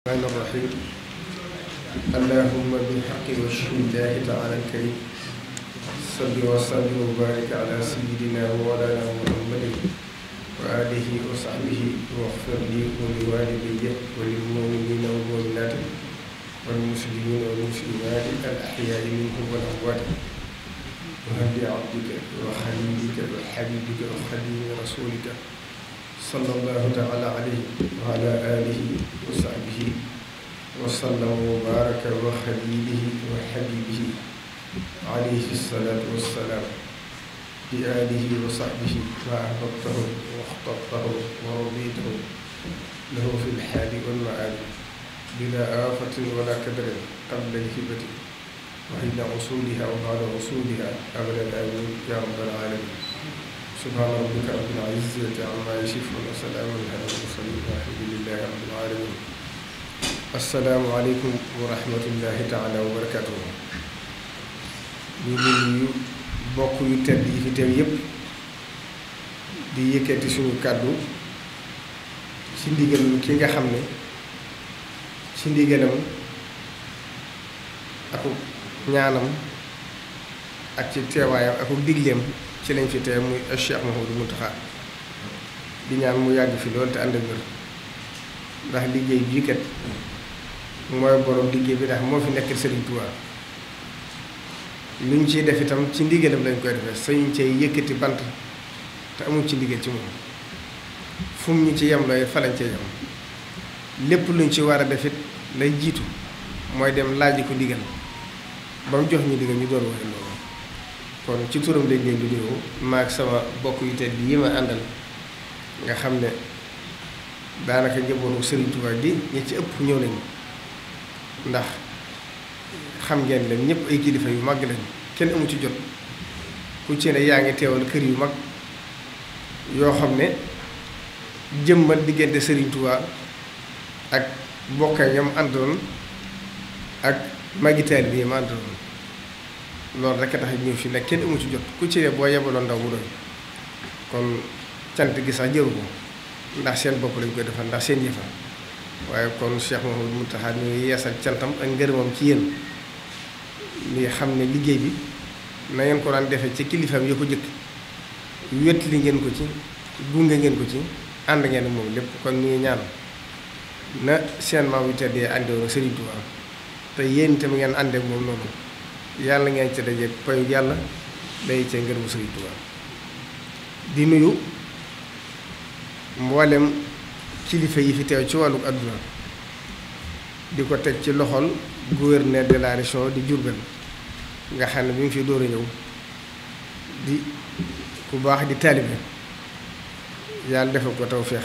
الرحمن الرحيم اللهم بالحق وشهد الله تعالى الكريم صل وسلم وبارك على سيدنا ومولانا محمد وآله وصحبه واغفر لي ولوالدي وللمؤمنين والمؤمنات والمسلمين والمسلمات الأحياء منهم والأموات وهب عبدك وخليلك وحبيبك وخليل رسولك sallallahu taala alayhi wa ala alihi wa sahbihi wa sallam wa baraka wa xaliilihi wa xabibihi alayhi salaatu wa salaam bi alihi wa sahbihi wa ahbabtahu wa axtabtahu wa raditahu lahu fi lxaali walmaali bila aafatin wala kadarin qabla lhibati wa xinda usuliha wa baada usuliha abadan amin ya rabbal alamin subhaana rabbika rabbil izzati amma yasifuun wa salaamun alal mursaliin walhamdulillaahi rabbil aalamiin assalaamu aleykum wa rahmatullaahi taalaa wa barakaatuh ñu ngi nuyu bokk yu tedd yi fi teew yépp di yëkkati suñu kàddu ci ndigal ki nga xam ne ci ndigalam ak ñaanam ak ci teewaayam ak digleem ci lañ fi tey muy Cheikh Mouhamadou Mountakha di ñaan mu yàgg fii loolu te ànd ak ndax liggéey bii kat mooy borom liggéey bi ndax moo fi nekk Serigne Touba lu ñu ciy def itam ci ndigalam lañ koy defee sañu cay yëkkati bant te amul ci ndigal ci moom fu ñu ci yem looy fa lañ cay yem lépp luñ ci war a def it lay jiitu mooy dem laaj ko ndigal ba jox ñu ndigal ñu door waxee loolu kon ci turam dégg ngeen vidéo ma ak sama bokk yu tedd yi ma àndal nga xam ne daanaka njabootu Serigne Touba gi ñi ci ëpp ñëw nañu ndax xam ngeen leen ñëpp ay kilifa yu mag lañu kenn amu ci jot ku ci ne yaa ngi teewal kër yu mag yoo xam ne jëmmal diggante Serigne Touba ak bokkañam àndoon ak magitaal bi ma àndoon loolu rek a tax ñu fi nekk kenn amu ci jot ku ci ne boo yebaloo ndaw mu doy kon cant gi sax jëru ko ndax seen bopp lañ koy defal ndax seen yëfa waaye kon Cheikh Mouhamadou Mountakha ñu ngi cantam ak ngërëmam ci yéen ñi xam ne liggéey bi na ngeen ko daan defee ci kilifaam yoo ko jëkk wét ngeen ko ci gunge ngeen ko ci ànd ngeen moom lépp kon ñu ngi ñaan na seen maam yu teddee àndewoon Serigne Touba te yéen itam ngeen àndeek moom noonu. yàlla ngeen ci daje payu yàlla day cee ngërëmu Sëriñ Tuubaa di nuyu mboolem kilifa yi fi teew ci wàllu àdduna di ko teg ci loxol gouverneur de la région di Diourbel nga xam ne bi mu fi door a ñëw di ku baax di taalibe yàlla defal ko tawféex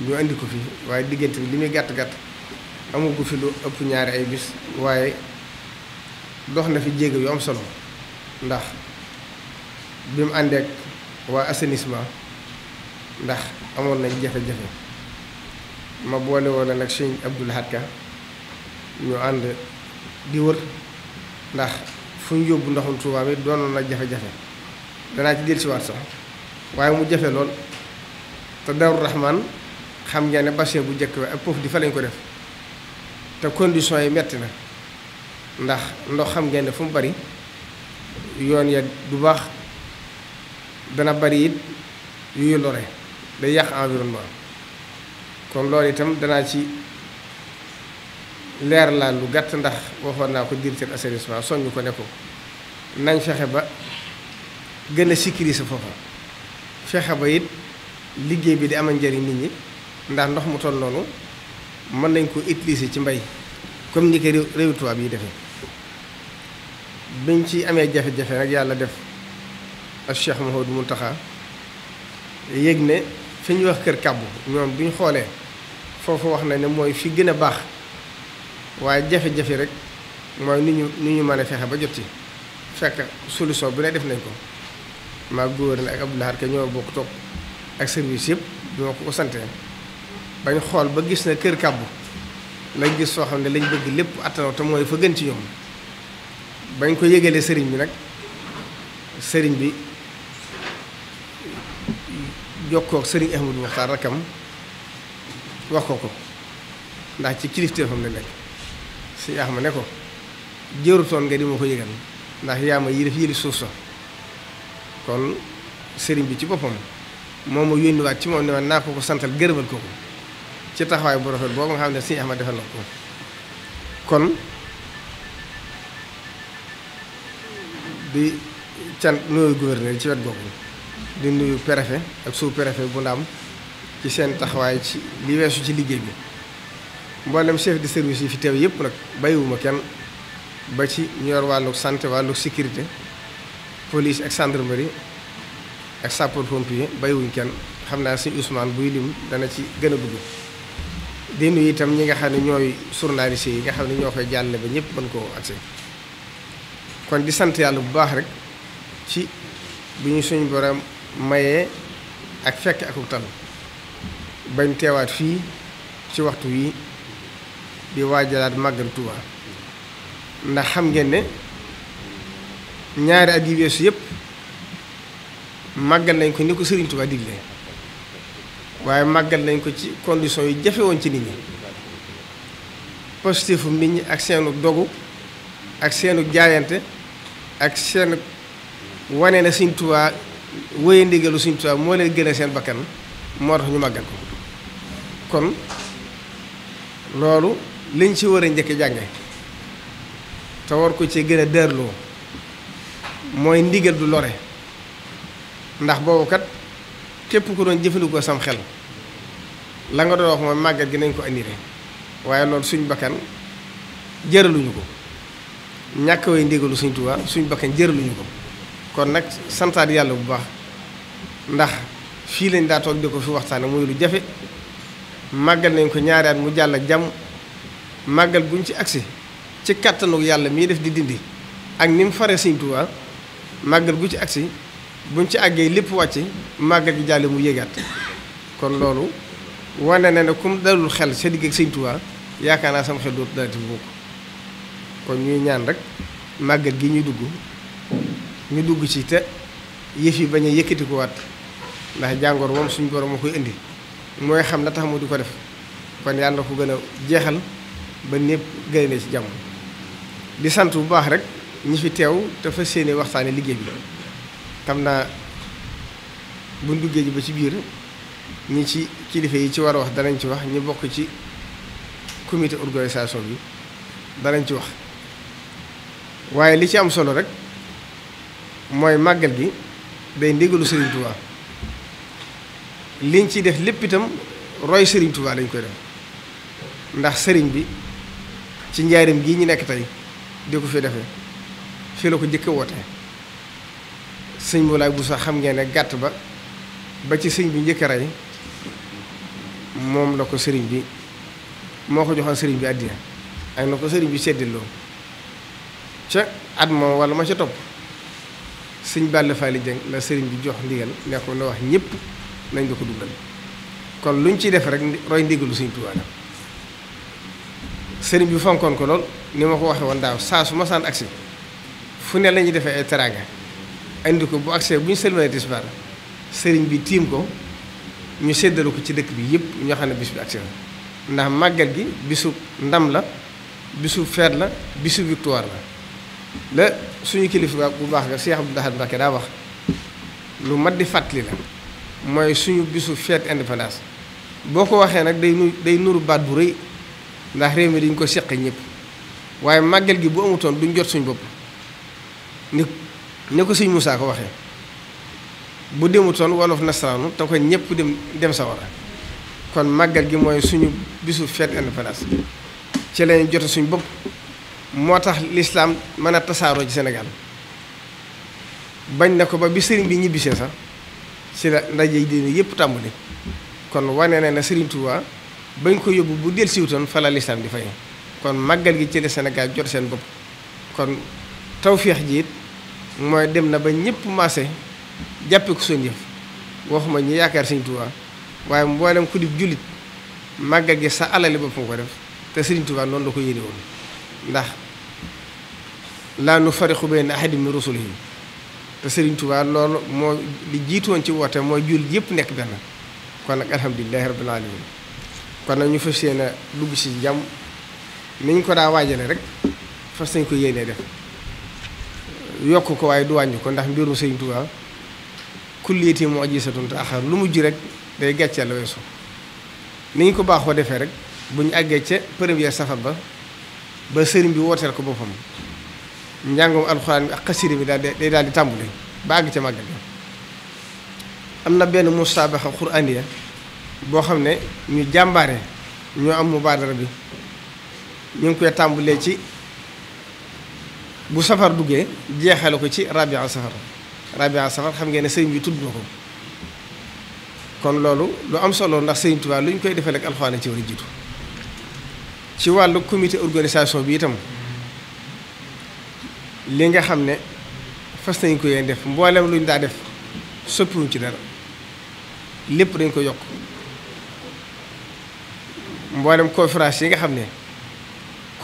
ñu indi ko fi waaye diggante bi li muy gàtt gàtt amu ko fi lu ëpp ñaari ay bis waaye. dox na fi jéego yu am solo ndax bi mu àndeek waa assainissement ndax amoon nañ jafe-jafe ma boole woon nag sëñ Abdul Ahad Ka ñu ànd di wër ndax fu ñu yóbbu ndoxum Tuubaa mi doonoon na jafe-jafe danaa ci dellusiwaat sax waaye mu jafe lool te Daaru Rahman xam ngeen ne bassin bu njëkk ba ak foofu di fa lañ ko def te condition yi metti na ndax ndox xam ngeen ne fu mu bari yoon ya du baax dana bari it yuy lore day yàq environnement kon loolu itam danaa ci leer laa lu gàtt ndax waxoon naa ko directeur assainissement soññ ko ne ko nañ fexe ba gën a sécuriser foofu fexe ba it liggéey bi di amal njëriñ nit ñi ndax ndox mu toll noonu mën nañ ko utiliser ci mbay comme ni ko réew réewu tubaab yi defee biñ ci amee jafe-jafe nag yàlla def ak Cheikh mu Mountakha yéeg ne fi ñu wax kër kàbbu ñoom bi ñu xoolee foofu wax na ne mooy fi gën a baax waaye jafe-jafe rek mooy ni ñu nu ñu mën a fexe ba jot ci fekk solution bi ne def nañ ko maa gouverneur ak Abdou Lahad Ka ñoo bokk toog ak service yëpp ñoo ko ko sante bañ xool ba gis ne kër kàbbu lañ gis soo xam ne lañ bëgg lépp attanaw te mooy fa gën ci ñoom bañ ko yégalee sëriñ bi nag sëriñ bi jokkoo ak sëriñ Ahmadou Mokhtar rakkam wax ko ko ndax ci kilifteefam la nekk si ma ne ko jërutoon nga di ma ko yëgal ndax yaa ma yilif yilif suuf sa kon sëriñ bi ci boppam moom ma yónniwaat ci moom ne ma naa ko ko santal gërëmal ko ko ci taxawaay bu rafet boobu nga xam ne sëriñ Ahmad defal na ko kon di can nuyu gouverneur ci wet googu di nuyu perefe ak sous perefe bu ndaam ci seen taxawaay ci li weesu ci liggéey bi mboolem chef de service yi fi teew yëpp nag bàyyiwuma kenn ba ci ñor yor wàllu santé wàllu sécurité police ak gendarmerie ak sapeur pompier bàyyiwuñ kenn xam naa si Ousmane buy lim dana ci gën a dugg di nuyu itam ñi nga xam ne ñooy journaliste yi nga xam ne ñoo koy jàlle ba ñëpp mën koo accès kon di sant yàlla bu baax rek ci bu ñu suñ borom mayee ak fekk ak tal bañ teewaat fii ci waxtu wi di waajalaat màggal Tuuba ndax xam ngeen ne ñaari at yi weesu yëpp màggal nañ ko ni ko Sëriñ Tuuba digle waaye màggal nañ ko ci condition yi jafe woon ci nit ñi positifum nit ñi ak seenu dogu ak seenu jaayante ak seen wane na Sëñ Tuubaa wéye ndigalu Sëñ Tuubaa moo leen gën a seen bakkan moo tax ñu màggal ko kon loolu liñ ci war a njëkk jànge te war ko ci gën a dërloo mooy ndigal du lore ndax boobu kat képp ku doon jëfandikoo sam xel la nga doon wax mooy màggal gi nañ ko annulé waaye loolu suñ bakkan jëraluñu ko ñàkk way ndégalu suñ Tuubaa suñ bakkan jëraluñu ko kon nag santaat yàlla bu baax ndax fii lañ daa toog di ko fi waxtaane muy lu jafe màggal nañ ko ñaari mu jàll jàmm màggal guñ ci agsi ci kàttanu yàlla mii def di dindi ak ni mu faree suñ Tuubaa gu ci agsi buñ ci àggee lépp wàcc màggal gi jàlle mu yéegaat kon loolu wane na ne comme dalul xel sa digg ak Sëñ yaakaar naa sama xel dootu daati bokk kon ñuy ñaan rek màggal gi ñu dugg ñu dugg ci te yëf yi bañ a yëkkatikuwaat ndax jàngoor moom suñu borom a koy indi mooy xam na tax mu di ko def kon yàlla ko gën a jeexal ba ñëpp gaynde ci jàmm di sant bu baax rek ñi fi teew dafa fas yéene waxtaane liggéey bi xam naa buñ duggee ji ba ci biir ñi ci kilifa yi ci war a wax danañ ci wax ñi bokk ci comité organisation bi danañ ci wax waaye li ci am solo rek mooy màggal gi day ndigalu Serigne Touba liñ ciy def lépp itam roy sëriñtuwaa Touba koy def ndax sëriñ bi ci njaarim gii ñu nekk tey di ko fi defee fii la ko jëkk woote sëñ Moulay bu sax xam ngeen ne gàtt ba ba ci sëñ bi njëkk rey moom la ko sëriñ bi moo ko joxoon sëriñ bi àddiya ak na ko sëriñ bi loo ca at moom wala ma ca topp sëñ Balla Fally Dieng la sëriñ bi jox ndigal ne ko na wax ñëpp nañ da ko dugal kon luñ ciy def rek roy ndigalu sëñ Tuubaa la sëriñ bi fonkoon ko lool ni ma ko waxee woon daaw saa su ma sant agsi fu ne lañuy defee ay teraanga indi ko bu agsee bu ñu sëlmalee tisbaar sëriñ bi tiim ko ñu séddale ko ci dëkk bi yëpp ñoo xam ne bis bi agsi la ndax màggal gi bisu ndam la bisu feet la bisu victoire la la suñu kilifa bu baax nga bu Abdou Lahad Mbacké daa wax lu mat di fàttali la mooy suñu bisu fête indépendance boo ko waxee nag day day nuru baat bu rëy ndax réew mi dañu ko seq ñëpp waaye màggal gi bu amutoon jot suñu bopp ni ko suñ Moussa ko waxee bu demutoon wolof nasaraanu te ko ñëpp dem dem sa war kon màggal gi mooy suñu bisu fête indépendance ci lañu jot suñu bopp moo tax lislaam mën a tasaaroo ci Sénégal bañ na ko ba bi sëriñ bi ñibbisee sax ci la ndaje diine yëpp tàmbali kon wane na ne sëriñ Touba bañ ko yóbbu bu del siwutoon fa la lislaam di fay kon màggal gi ci la Sénégal jot seen bopp kon tawféex ji it mooy dem na ba ñëpp maase jàppe ko seen yëf waxuma ñi yaakaar sëriñ Touba waaye mboolem ku di jullit màggal gi sa alali bopp nga ko def te sëriñ Touba noonu la ko yéene woon ndax laa nu fariqu bayna ahadin min rusulihi te Serigne Touba loolu moo li jiitoon ci woote mooy jul yëpp nekk benn kon nag alhamdulilahi rabbil alamin kon nag ñu fas yéene dugg si jàmm ni ñu ko daa waajale rek fas nañ ko yéenee def yokk ko waaye du wàññi ko ndax mbirum Serigne Touba kulliyati mu ajisatun taaxar lu mujj rek day gàcceel la weesu ni ñu ko baaxoo defee rek bu ñu àggee ca première safar ba ba sëriñ bi wooteel ko boppam njàngum alxuraan bi ak xasida bi daal day daal di tàmbali ba àgg ca màggal am na benn musaabaxa xuraaniya boo xam ne ñu jàmbaare ñoo am mu mubaadara bi ñu ngi koy tàmbalee ci bu safar duggee jeexale ko ci rabia safar rabia safar xam ngeen ne sëriñ bi tudd na ko kon loolu lu am solo ndax sëriñ Tuubaa lu ñu koy defee ak alxuraan ci war a jiitu ci wàllu commité organisation bi itam li nga xam ne fas nañ ko yéen def mboolem lu ñu daa def soppiwuñ ci dara lépp dañ ko yokk mboolem conférence yi nga xam ne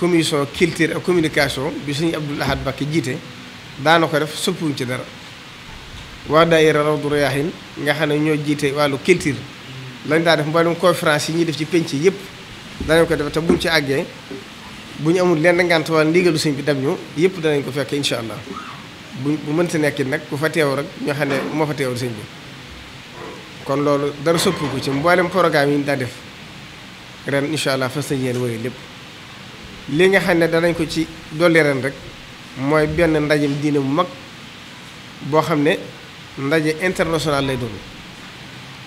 commission culture communication bi suñu Abdoul Ahad Mbacké jiite daana ko def soppiwuñ ci dara waa daayira Rawdu Rayaahin nga xam ne ñoo jiite wàllu culture lañ daa def mboolem conférence yi ñuy def ci penc yëpp danañ ko def te buñ ci àggee bu ñu amul lenn ngant wala ndigalu sëñ bi dem ñu yëpp danañ ko fekk incha allah bu bu mënti nekkin nag ku fa teew rek ñoo xam ne moo fa teewul sëñ bi kon loolu dara soppi ko ci mbooleem programme yi ñu daa def ren incha allah fas yéene wéyee lépp li nga xam ne danañ ko ci dolli ren rek mooy benn ndajem diine bu mag boo xam ne ndaje international lay doon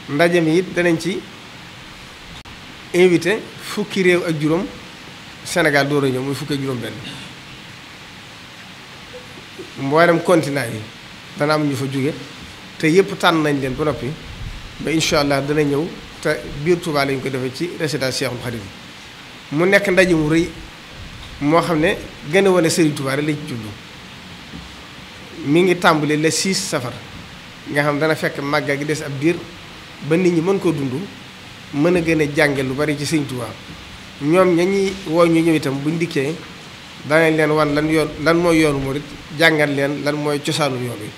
ndaje mi it danañ ci invité. fukki réew ak juróom Sénégal door a ñëw muy fukki ak juróom benn mboolem continent yi dana am ñu fa jóge te yëpp tànn nañ leen ba noppi ba incha allah dana ñëw te biir Touba lañ ko defee ci résidence Cheikhoul Khadim mu nekk ndaje mu rëy moo xam ne gën a wane Serigne Touba rek ci jublu mi ngi tàmbali le 6 safar nga xam dana fekk màggal gi des ab diir ba nit ñi mën koo dund. mën a gën a jànge lu bari ci Sëñ Tuubaa ñoom ñañuy woo ñu ñëw itam buñ dikkee danañ leen wan lan yoon lan mooy yoonu murit jàngal leen lan mooy cosaanu yoon wi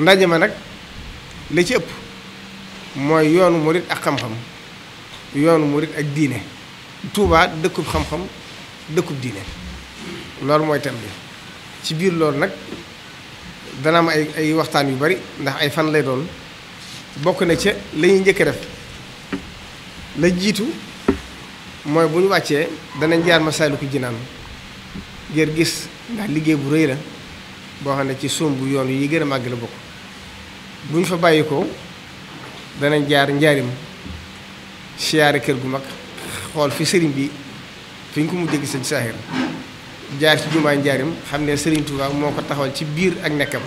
ndaje ma nag li ci ëpp mooy yoonu murit ak xam-xam yoonu murit ak diine Tuubaa dëkkub xam-xam dëkkub diine loolu mooy thème bi ci biir loolu nag dana am ay waxtaan yu bari ndax ay fan lay doon bokk na ca lañuy ñuy njëkk def la jiitu mooy bu ñu wàccee danañ jaar Masaalikul Jinaan ngir gis ndax liggéey bu rëy la boo xam ne ci sumb yoon yi gën a màgg la bokk bu ñu fa bàyyi ko danañ jaar njaarim siyaare kër gu mag xool fi sëriñ bi fi ñu ko mujjee gis ci saaxir jaar ci jumaa njaarim xam ne sëriñ Touba moo ko taxawal ci biir ak nekkam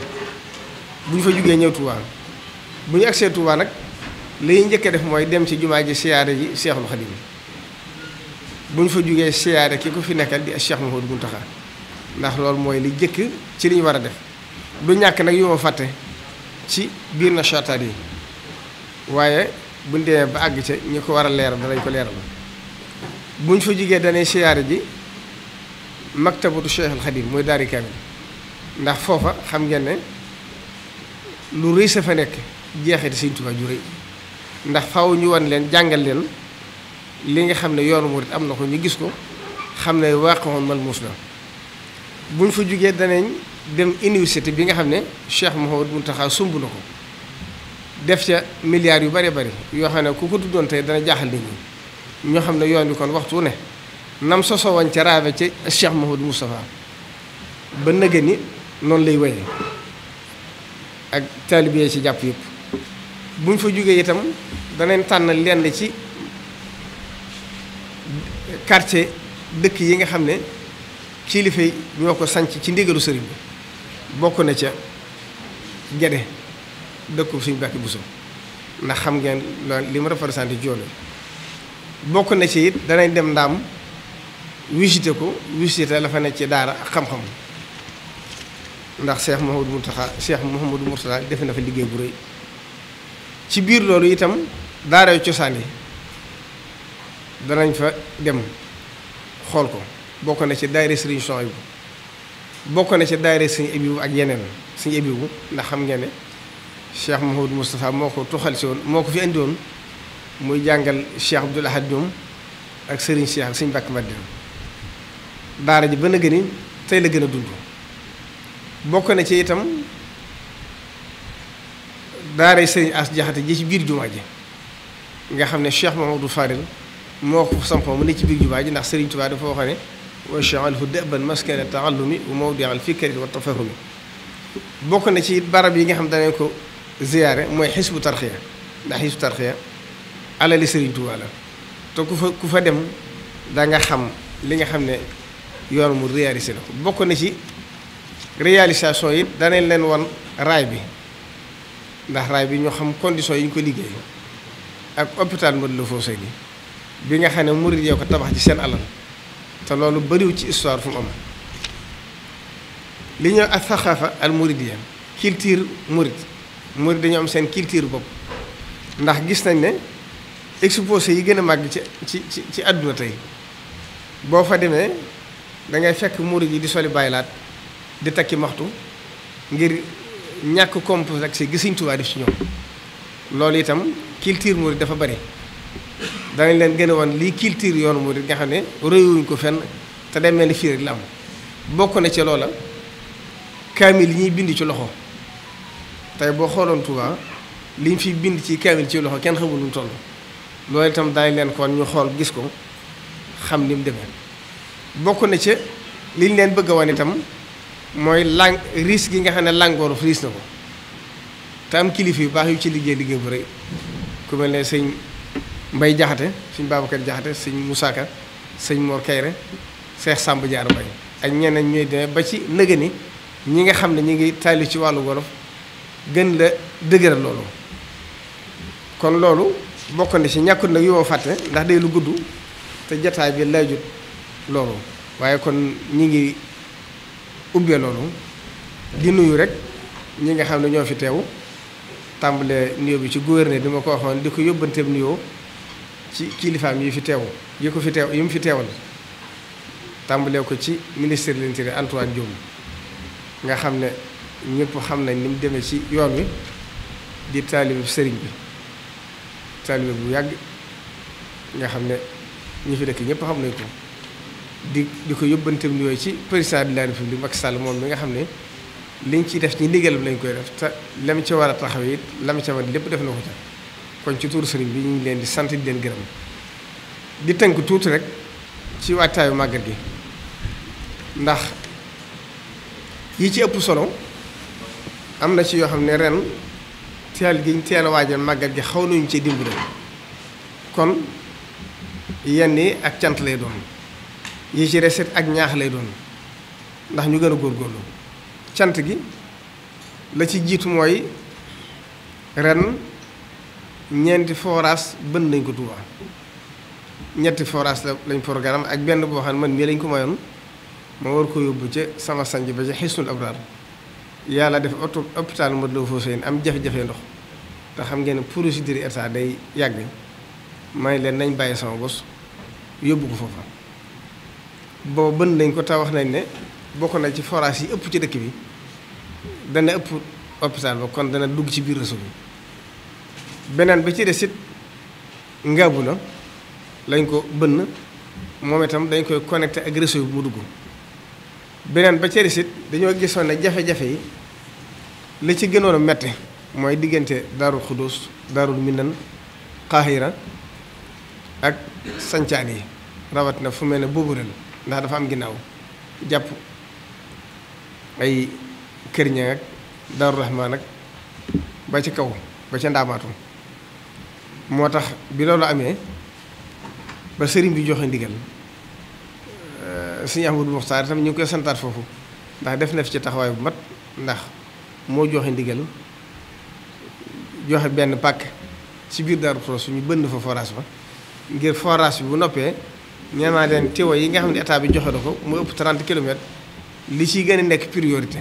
bu ñu fa jógee ñëw Touba bu ñu agsee Touba nag li njëkk def mooy dem ci jumaa ji siyaare ji Seexul Xadiim bu ñu fa jógee siyaare ki ku fi nekkal di Cheikh Mouhamadou Mountakha ndax loolu mooy li jëkk ci li ñu war a def du ñàkk nag yu fàtte ci biir na waaye buñ demee ba àgg ca ñu ko war a leeral danañ ko leeral buñ fa jógee danay siyaare ji maktabatu Cheikhul Xadiim mooy daari kaamil ndax foofa xam ngeen ne lu rëy sa fa nekk jeexit Sëñ Tuubaa ju rëy ndax faw ñu wan leen jàngal leen li nga xam ne yoonu murit am na ko ñu gis ko xam ne waaqoon mal muus la bu ñu fa jógee danañ dem université bi nga xam ne Cheikh Mouhamadou Mountakha sumb na ko def ca milliards yu bari bari yoo xam ne ku ko tuddoon tey dana jaaxal nit ñi ñoo xam ne yoon wi kon waxtu ne nam soso woon ca raabe ci Cheikh Mouhamadou Moustapha ba nëgë ni noonu lay wéyee ak taalibe ci jàpp yëpp bu ñu fa jógee itam danañ tànn lenn ci quartier dëkk yi nga xam ne kilifa yi ñoo ko sanc ci ndigalu sëriñ bi bokk na ca Gede dëkku suñu bàkki so ndax xam ngeen li ma représenté joone bokk na ci it danañ dem ndaam visité ko visité la fa nekk ci daara ak xam-xam ndax Cheikh mu Mourtada Cheikh Mouhamadou Mourtada defe na fa liggéey bu rëy ci biir loolu itam daara cosaan yi danañ fa dem xool ko bokk na ci daayira Serigne Souhaïbou bokk na ci daayira Serigne Abibou ak yeneen Serigne Abibou ndax xam ngeen ne Cheikh Mouhamadou Moustapha moo ko toxal si woon moo ko fi indi muy jàngal Cheikh Abdoul Ahad ñoom ak sëriñ Cheikh ak Serigne Bakk Madina daara ji ba na gën tey la gën a dund bokk na ci itam daara Serigne As Jaxate ji ci biir jumaa ji nga xam ne Cheikh Mamadou Fadil moo ko sampoo mu ne ci biir jubaa ji ndax Serigne Touba dafa wax ne waj'alhu da'ban maskana ta'allumi wa mawdi'al fikri wa tafahumi bokk na ci barab yi nga xam danañ ko ziyaare mooy xisbu tarxiya ndax xisbu tarxiya alali Serigne Touba la te ku fa ku fa dem da nga xam li nga xam ne yoon mu réalisé la bokk na ci réalisation yi danañ leen wan raay bi ndax raay bi ñoo xam condition yi ñu ko liggéey ak hôpital Matlaboul Fawzayni bi nga xam ne murid yee ko tabax ci seen alal te loolu bariwul ci histoire fu mu am li ñëw ak saxaafa al muridiyya culture murid murid dañoo am seen culture bopp ndax gis nañ ne exposé yi gën a màgg ci ci ci ci àdduna tey boo fa demee da ngay fekk murid yi di soli laat di takki maxtu ngir ñàkk complexe gi Sëñ Tuubaa def ci ñoom loolu itam culture murid dafa bari danañ leen gën a wan lii culture yoonu murid nga xam ne réyuwuñ ko fenn te day mel ni fii rek la bokk na ci loola kaamil yi ñuy bind ci loxo tey boo xooloon Tuubaa liñ fi bind ci kaamil ci loxo kenn xamul mu toll loolu itam daañu leen kon ñu xool gis ko xam ni mu demee bokk na ci liñ leen bëgg a wan itam mooy lang risque gi nga xam ne làngooru risque na ko te am kilifa yu baax yu ci liggéey liggéey bu rëy ku mel ne sëñ Mbay Jaxate sëñ Babacar Jaxate sëñ musaaka sëñ Mor Kayre Seex Sàmb Jaar Mbay ak ñeneen ñooy demee ba ci nëgë ni ñi nga xam ne ñi ngi taylu ci wàllu wolof gën la dëgëral loolu kon loolu bokk na ci ñàkkut nag yoo fàtte ndax day lu gudd te jataay bi laajut loolu waaye kon ñi ngi ubbee loolu di nuyu rek ñi nga xam ne ñoo fi teew tàmbalee nuyoo bi ci gouverneur bi ma ko waxoon di ko yóbbanteem nuyoo ci kilifaam yi fi teew yi ko fi teew yi mu fi teewal tàmbalee ko ci ministre de l'Intérieur Antoine Diome nga xam ne ñépp xam nañ ni mu demee ci yoon wi di taalibe sëriñ bi taalibe bu yàgg nga xam ne ñu fi dëkk ñëpp xam nañ ko di di ko yóbbanteem nuyoo ci président de la République Macky Sall moom mi nga xam ne. liñ ciy def ci ndigal bi lañ koy def te lam ci war a taxaw it lam ca war lépp def na ko ca kon ci tuur sëriñ bi ñu ngi leen di sant di leen gërëm di tënk tuuti rek ci waajtaayu màggal gi ndax yi ci ëpp solo am na ci yoo xam ne ren teel gi ñu teel a waajal gi xaw nañu ci dimbali kon yenn yi ak cant lay doon yi ci reset ak ñaax lay doon ndax ñu gën a góor góorlu cant gi la ci jiitu mooy ren ñeenti forage bën nañ ko Touba ñetti forage la lañ programme ak benn boo xam ne man mii lañ ko mayoon ma war ko yóbbu ca sama sanj ba ca xisnul abraar yàlla def oto hôpital Matlaboul Fawzayni am jafe-jafe ndox te xam ngeen ne procédure état day yàgg may leen nañ bàyyi sama bos yóbbu ko foofa booba bën nañ ko te wax nañ ne bokk na ci forage yi ëpp ci dëkk bi dana ëpp hôpital ba kon dana dugg ci biir réseau bi beneen ba ci des it ngaabu lañ ko bënn moom itam dañ koy connecté ak réseau bi mu dugg beneen ba ci des dañoo gisoon ne jafe-jafe yi li ci gënoon a metti mooy diggante daarul xudus daarul minan xaaxira ak sancaan yi rawat na fu mel ne boobu ren ndax dafa am ginnaaw jàpp këriña ña ak Daaru Rahmaan ak ba ci kaw ba ca ndaamaatu moo tax bi loolu amee ba sëriñ bi joxe ndigal euh, sëñ Ahmadou Mokhtar itam ñu ngi koy santaat foofu ndax def na fi ci taxawaay bu mat ndax moo joxe ndigal joxe benn pàkk ci biir Daaru Xudoos ñu bënn fa forage ba ngir forage bi bu noppee ñaanaa leen teewa yi nga xam ne état bi joxe na ko mu ëpp 30 kilomètres li ciy gën a nekk priorité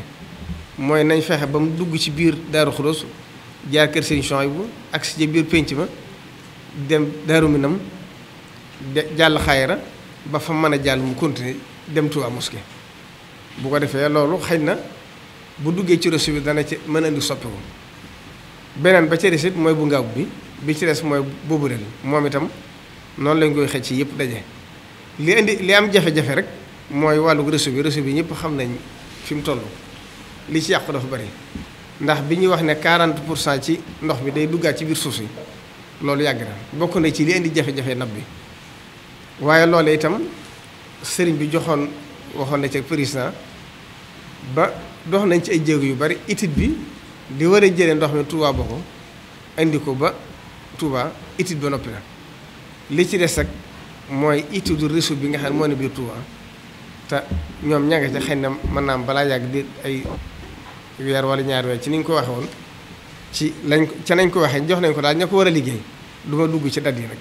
mooy nañ fexe ba mu dugg ci biir Daaru Xudoos jaar kër Sëriñ bu ak si biir pénc ma dem Daaru Minam de jàll xayra ba fa mën a jàll mu continuer dem Touba mosquée bu ko defee loolu xëy na bu duggee ci réseau bi dana ci mën a indi soppiku beneen ba ca des mooy bu ngaaw bi bi ci des mooy boobu ren moom itam noonu lañ koy xëcc ci yëpp daje li indi li am jafe-jafe rek mooy wàllu réseau bi réseau bi ñëpp xam nañ fi mu toll. li ci yàqu dafa bari ndax bi ñuy wax ne quarante pour cent ci ndox mi day duggaat ci biir suuf si loolu yàgg na bokk na ci li indi jafe-jafe nab bi waaye loole itam sëriñ bi joxoon waxoon na ci président ba dox nañ ci ay jéeg yu bari étude bi di war a jëlee ndox mi Touba ba indi ko ba Touba étude ba noppi na li ci des ak mooy étude réseau bi nga xam ne moo ne biir Touba te ñoom ña nga ca xëy na mën naa balaa yàgg di ay. weer wala ñaari weer ci ni ñu ko waxe woon ci lañ ca nañ ko waxee jox nañ ko daal ña ko war a liggéey du ma dugg ci dat yi nag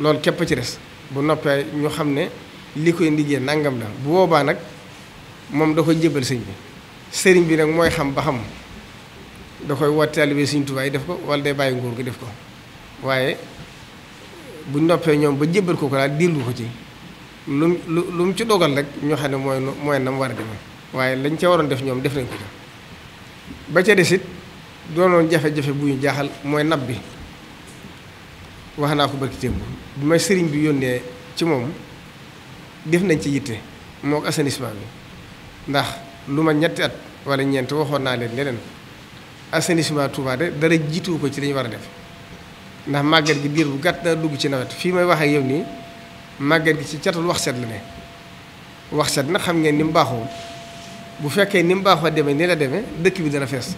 loolu képp ci des bu noppee ñu xam ne li koy liggéey nangam la bu boobaa nag moom da koy sëñ sëriñ bi nag mooy xam ba da koy woo taalibe sëñ Tuubaa yi def ko wala bàyyi nguur gi def ko waaye bu noppee ñoom ba jëbal ko ko daal dillu ko ci lu lu mu ci dogal rek ñu xam ne mooy mooy nam war a demee waaye lañ ca waroon def ñoom def nañ ko ci ba ca desit doonoon jafe-jafe bu ñu jaaxal mooy nab bi wax naa ko bëgg témb bi may sëriñ bi yónnee ci moom def nañ ci yitte moo assainissement bi ndax lu ma ñetti at wala ñeent waxoon naa leen leneen assainissement Touba de dara jiitu ko ci li war a def ndax màgget gi diir bu gàtt dana dugg ci nawet fii may waxee ak nii màgget gi ci catul wax set la ne wax set nag xam ngeen ni mu baaxoo bu fekkee ni mu baaxoo demee ni la demee dëkk bi dana fees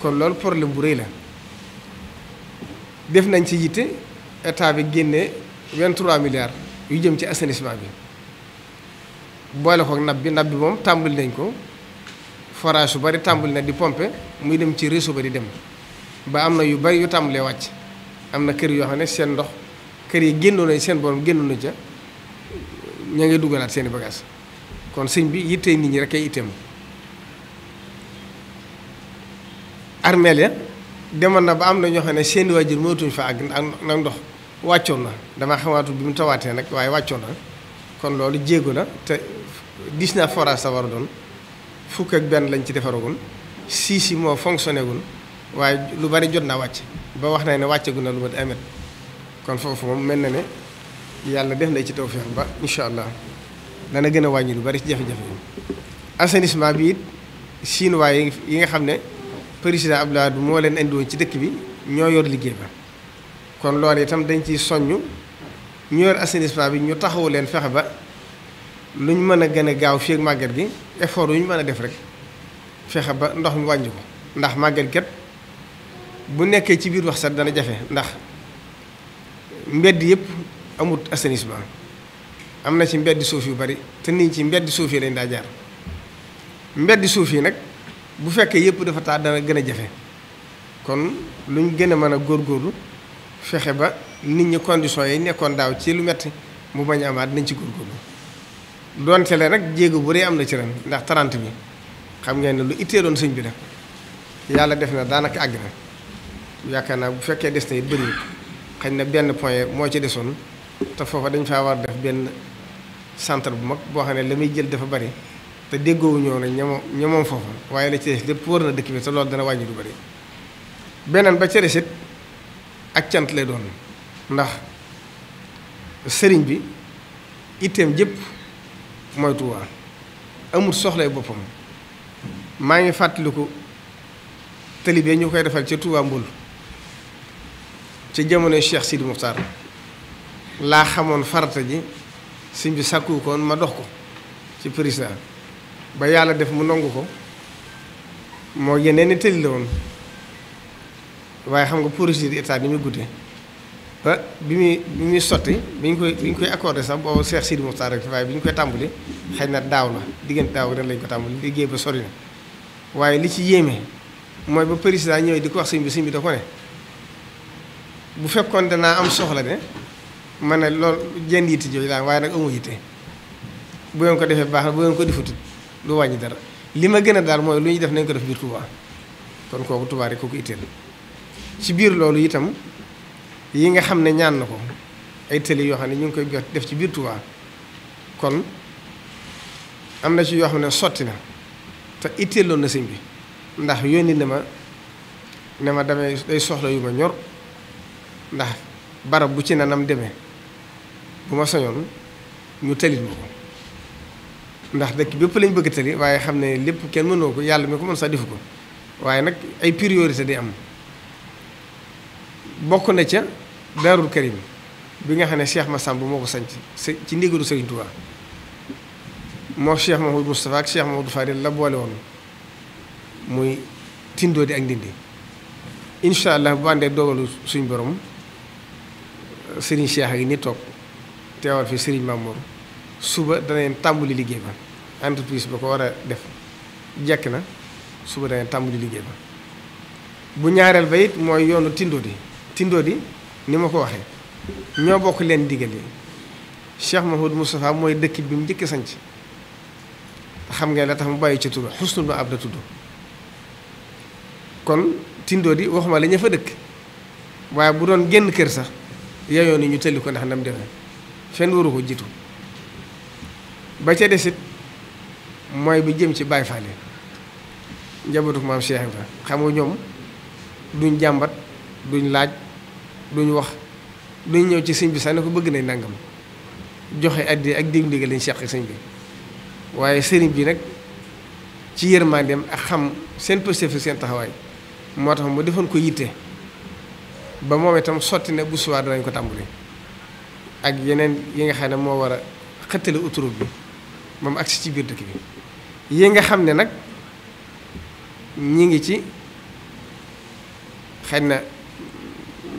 kon loolu problème bu rëy la def nañ ci yitte état bi génnee 23 milliards yu jëm ci assainissement bi boole ko nab bi nab bi moom tàmbali nañ ko forage su bari tàmbali na di pompe muy dem ci réseau ba di dem ba am na yu bari yu tàmbalee wàcc am na kër yoo xam ne seen ndox kër yi génnoo nañ seen borom génnoon na ca ñoo ngi dugalaat seen i bagages. kon sëñ bi yittee nit ñi rekk ay item armeel ya demal na ba am na ñoo xam ne seeni waajur mootuñ fa ak nag ndox wàccoon na dama xamaatul bi mu tawaatee nag waaye wàccoon na kon loolu jéego na te gis naa forage sa war a doon fukk ak benn lañ ci defaragul sii si moo fonctionné gul waaye lu bari jot naa wàcc ba wax na ne wàccagu na lu mat amet kon foofu moom mel na ne yàlla def na ci tawfeex ba incha allah dana gën a wàññi lu bari ci jafe-jafe yi assainissement bi it chinois yi nga xam ne président Abdoulaye Wade moo leen indi ci dëkk bi ñoo yor liggéey ba kon loolu itam dañ ci soññ ñu yor assainissement bi ñu taxawu leen fexe ba luñ mën a gën a gaaw fii ak màgget gi effort yu ñu mën a def rek fexe ba ndox mi wàññi ko ndax màgget kat bu nekkee ci biir wax sax dana jafe ndax mbedd yëpp amut assainissement. am na ci mbedd suuf yu bari te nit ci mbedd suuf yi lañ daa mbeddi suuf yi nag bu fekkee yëpp dafa taa dana gën a jafe kon luñ gën a mën a góor góorlu fexe ba nit ñi conditions yi nekkoon daaw ci lu metti mu bañ amaat nañ ci góorgóorlu donte le rek jéego bu rëy am na ci ren ndax 30 bi xam nga ne lu ittee doon sëñ bi def yàlla def na daanaka àgg na yaakaar naa bu fekkee des na it xañ na benn point moo ci desoon. te foofa dañ faa war def benn centre bu mag boo xam ne la muy jël dafa bari te déggoowuñoo ne ñamoo ñamoom foofa waaye la ci des lépp wër na dëkk bi te loolu dana wàññi du bari beneen ba ca desit ak cant lay doon ndax sëriñ bi itteem jëpp mooy Tuubaa amul soxlay boppam maa ngi fàttaliku talibe ñu koy defal ca Tuubaa Mbul ca jamonoy Cheikh Sidi Muxtaar laa xamoon farata ji sëñ bi sàkku ma dox ko ci président ba yàlla def mu nangu ko moo yeneen i tëli la woon waaye xam nga procédure état bi muy guddee ba bi muy bi muy sotti bi ñu koy bi ñu koy accordé sax boobu Cheikh Sidi Mokhtar rek waaye bi ñu koy tàmbali xëy na daaw la diggante daaw ren lañ ko tàmbali liggéey ba sori na waaye li ci yéeme mooy ba président ñëwee di ko wax sëñ bi sëñ da ko ne bu fekkoon danaa am soxla de ma lool loolu jenn yitte jooju laa waaye nag amu yitte bu ngeen ko defee baax na bu ngeen ko defutit du wàññi dara li ma gën a daal mooy lu ñuy def nañ ko def biir Touba kon kooku Touba rek kooku ci biir loolu itam yi nga xam ne ñaan na ko ay tëli yoo xam ne ñu ngi koy def ci biir Touba kon am na ci yoo xam ne sotti na te itteeloon na sëñ bi ndax yónni na ma ne ma damay day soxla yu ma ñor ndax barab bu ci nanam demee bu ma soñoon ñu talit ma ko ndax dëkk bépp lañ bëgg tali waaye xam ne lépp kenn mënoo ko yàlla mi ko mën sax defu ko waaye nag ay priorité day am bokk na ca Daarul Karim bi nga xam ne ma Massamba moo ko sanc ci ndigalu Serigne Touba moo Cheikh Mahamadou Moustapha ak Cheikh Mahamadou Fadil la boole woon muy tindoo di ak ndindi incha allah bu àndee dogalu suñ borom Serigne Cheikh yi ni toog teewal fi Serigne Mamour suba danañ tàmbali liggéey ba entreprise ba ko war a def jekk na suba danañ tàmbuli liggéey ba bu ñaareel ba it mooy yoonu Tindodi Tindodi ni ma ko waxee ñoo bokk leen digal yi Cheikh Mahoud Moustapha mooy dëkk bi mu njëkk sanc xam nga la tax mu bàyyi ca tuba xusnul ma ab da tudd kon Tindodi waxuma lañu fa dëkk waaye bu doon génn kër sax yaayoon yi ñu tëlli ko ndax nam dem fenn waru ko jiitu ba ca desit mooy bi jëm ci Baay Faal yi njabootu maam Cheikh Ibrahima ñoom duñ jàmbat duñ laaj duñ wax duñ ñëw ci sëñ bi sax ne ko bëgg nañ nangam joxe addi ak déglu ndigal lañ seq sëñ bi waaye sëriñ bi nag ci yërmandeem ak xam seen pëstéef seen taxawaay moo tax mu defoon ko yitte ba moom itam sotti ne bu suwaa danañ ko tàmbali ak yeneen yi nga xam ne moo war a xëttale autoroute bi moom agsi ci biir dëkk bi yi nga xam ne nag ñi ngi ci xëy na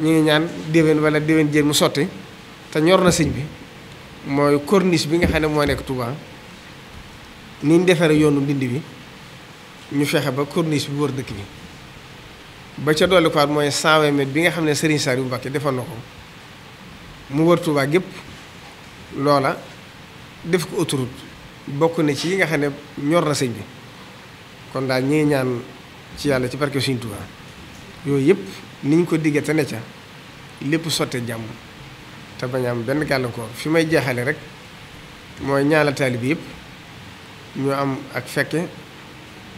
ñi ngi ñaan déwén wala déwén jéen mu sotti te ñor na sëñ bi mooy corniche bi nga xam ne moo nekk Touba ni defaree yoonu ndindi bi ñu fexe ba corniche bi war dëkk bi ba ca dolli ko mooy 120 bi nga xam ne Serigne Saliou Mbacké defoon na ko mu wër Touba gépp loola def ko autoroute bokk na ci yi nga xam ne ñor na sëñ bi kon daal ñi ngi ñaan ci yàlla ci barke suñu Touba yooyu yëpp niñ ko diggee te ne ca lépp sotte jàmm te bañ am benn gàllankoor fi may jeexale rek mooy ñaala taalibe yëpp ñu am ak fekke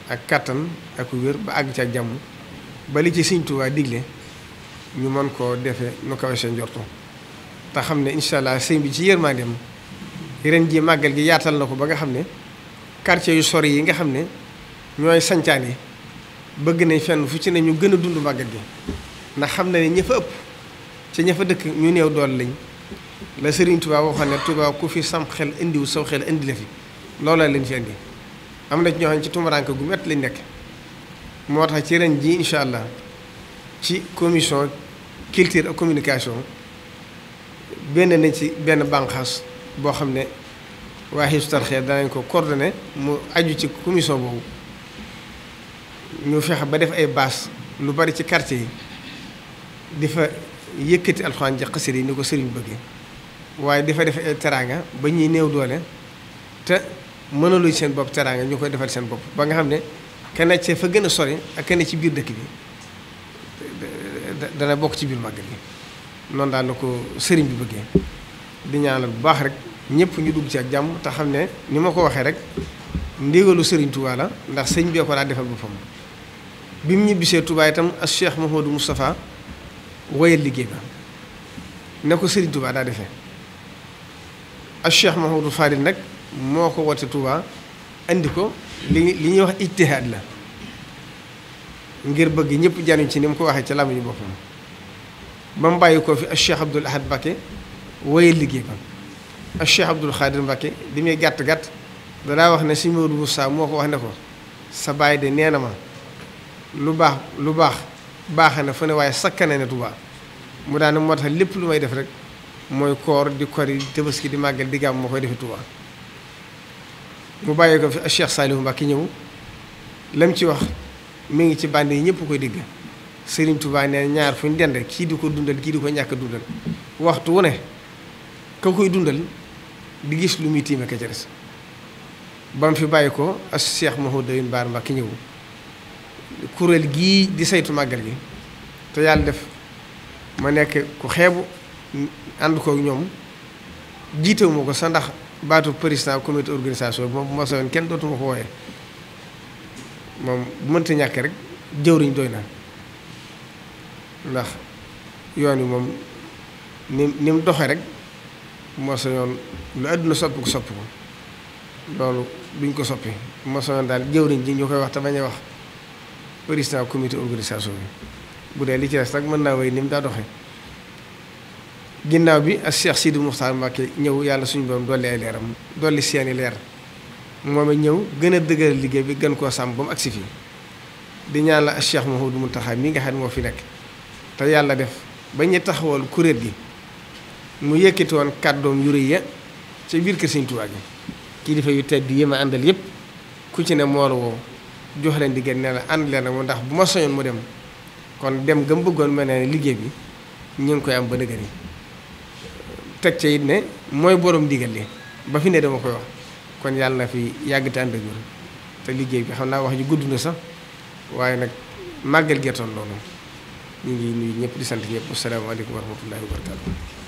ak kàttan ak wér ba àgg ca jàmm bali ci Sëñ Tuubaa digle ñu mën koo defe nu kawe seen njortu te xam ne incha allah sëñ bi ci yërmandeem ren ji màggal gi yaatal na ko ba nga xam ne quartier yu sori yi nga xam ne ñooy yi bëgg nañ fenn fu ci ne ñu gën a dund màggal gi ndax xam na ne ña fa ëpp ci ña fa dëkk ñu néew doole lañ la Serigne Touba waxoon ne Touba ku fi sam xel indiwu saw xel indi la fi looloo leen fi indi am na ci ñoo xam ci tumuraanke gu mett lañ nekk moo tax ci ren ji incha allah ci commission culture et communication benn nañ ci benn bànqaas boo xam ne waa Hizbut Tarqiyyah danañ ko coordonné mu aju ci commission boobu ñu fexe ba def ay baas lu bari ci quartier yi di fa yëkkati alxuraan ji xasida yi ni ko sëriñ bëggee waaye di fa def ay teraanga ba ñuy néew doole te mënaluñ seen bopp teraanga ñu koy defal seen bopp ba nga xam ne kenn see fa gën a sori ak kenn ci biir dëkk bi dana bokk ci biir màggal bi noonu daal na ko sëriñ bi bëggee di ñaanal bu baax rek ñëpp ñu dugg ci jàmm te xam ne ni ma ko waxee rek ndigalu sëriñ Touba la ndax sëñ bee ko daa defal boppam bi mu ñibbisee Touba itam as Cheikh Mouhamadou Moustapha woyal liggéey ba ne ko sëriñ Touba daa defee as Cheikh Mouhamadou Fadil nag moo ko wote tubaa indi ko li li ñuy wax ijtihaad la ngir bëgg ñëpp januñ ci ni mu ko waxee ci làmmiñu boppam ba mu bàyyi ko fi ak Cheikh Abdoul Ahad Mbacké waye liggéey ko ak Cheikh Abdoul Khadir Mbacké li muy gàtt gàtt danaa wax ne si Maodo Moussa moo ko wax ne ko sa baay de nee na ma lu baax lu baax baaxe na fa ne waaye sakkane ne Tuubaa mu daane moo tax lépp lu may def rek mooy koor di kori di tabaski di màggal di gàmm moo koy defee Tuubaa mu bàyyi ko fi ak Cheikh Saliou Mbacké ñëw lam ci wax mu ngi ci bànd yi ñëpp koy digg Serigne Touba nee ñaar fu ñu dend kii di ko dundal kii di ko ñàkk dundal waxtu wu ne ka koy dundal di gis lu muy tiime ka ca des ba mu fi bàyyi ko as Cheikh Mouhamadou Mbaar ki ñëw kuréel gii di saytu màggal gi te yàlla def ma nekk ku xeebu ànd kook ñoom jiitewuma ko sa ndax baatu président comité organisation bi ma soyoon kenn dootuma ko wooyee moom bu mënta ñàkk rek jëw jëwriñ doy na ndax yoon yi moom ni ni mu doxee rek moo sa yoon lu àdduna soppi ko soppi ko loolu duñ ko soppi moo sa yoon daal jëwriñ ji ñu koy wax te bañ a wax président comité organisation bi bu dee li ci mën naa wéy ni mu daa doxee ginnaaw bi ak Cheikh Sidi Moukhtar Mbacké ñëw yàlla suñu borom dolli ay leeram dolli seeni leer moom it ñëw gën a dëgëral liggéey bi gën koo sàmm ba mu agsi fii di ñaan la ak Cheikh mu Mountakha mii nga xam ne moo fi nekk te yàlla def ba ñu taxawal kuréel gi mu yëkkati woon kàddoom yu rëy ya ca biir kër Sëñ Tuubaa gi kilifa yu tedd yi ma àndal yëpp ku ci ne moo la woo jox leen diggante ne la ànd leen mu ndax bu ma soñoon mu dem kon dem gëm bëggoon mel ne liggéey bi ñu ngi koy am ba dëgër yi teg ca it ne mooy boroom digal li ba fi ne dama koy wax kon yàlla na fi yàgg te ànd ak te liggéey bi xam naa wax ji gudd na sax waaye nag màggal gertoon loolu ñu ñëpp di sant ñëpp asalaamaaleykum wa rahmatullahi wa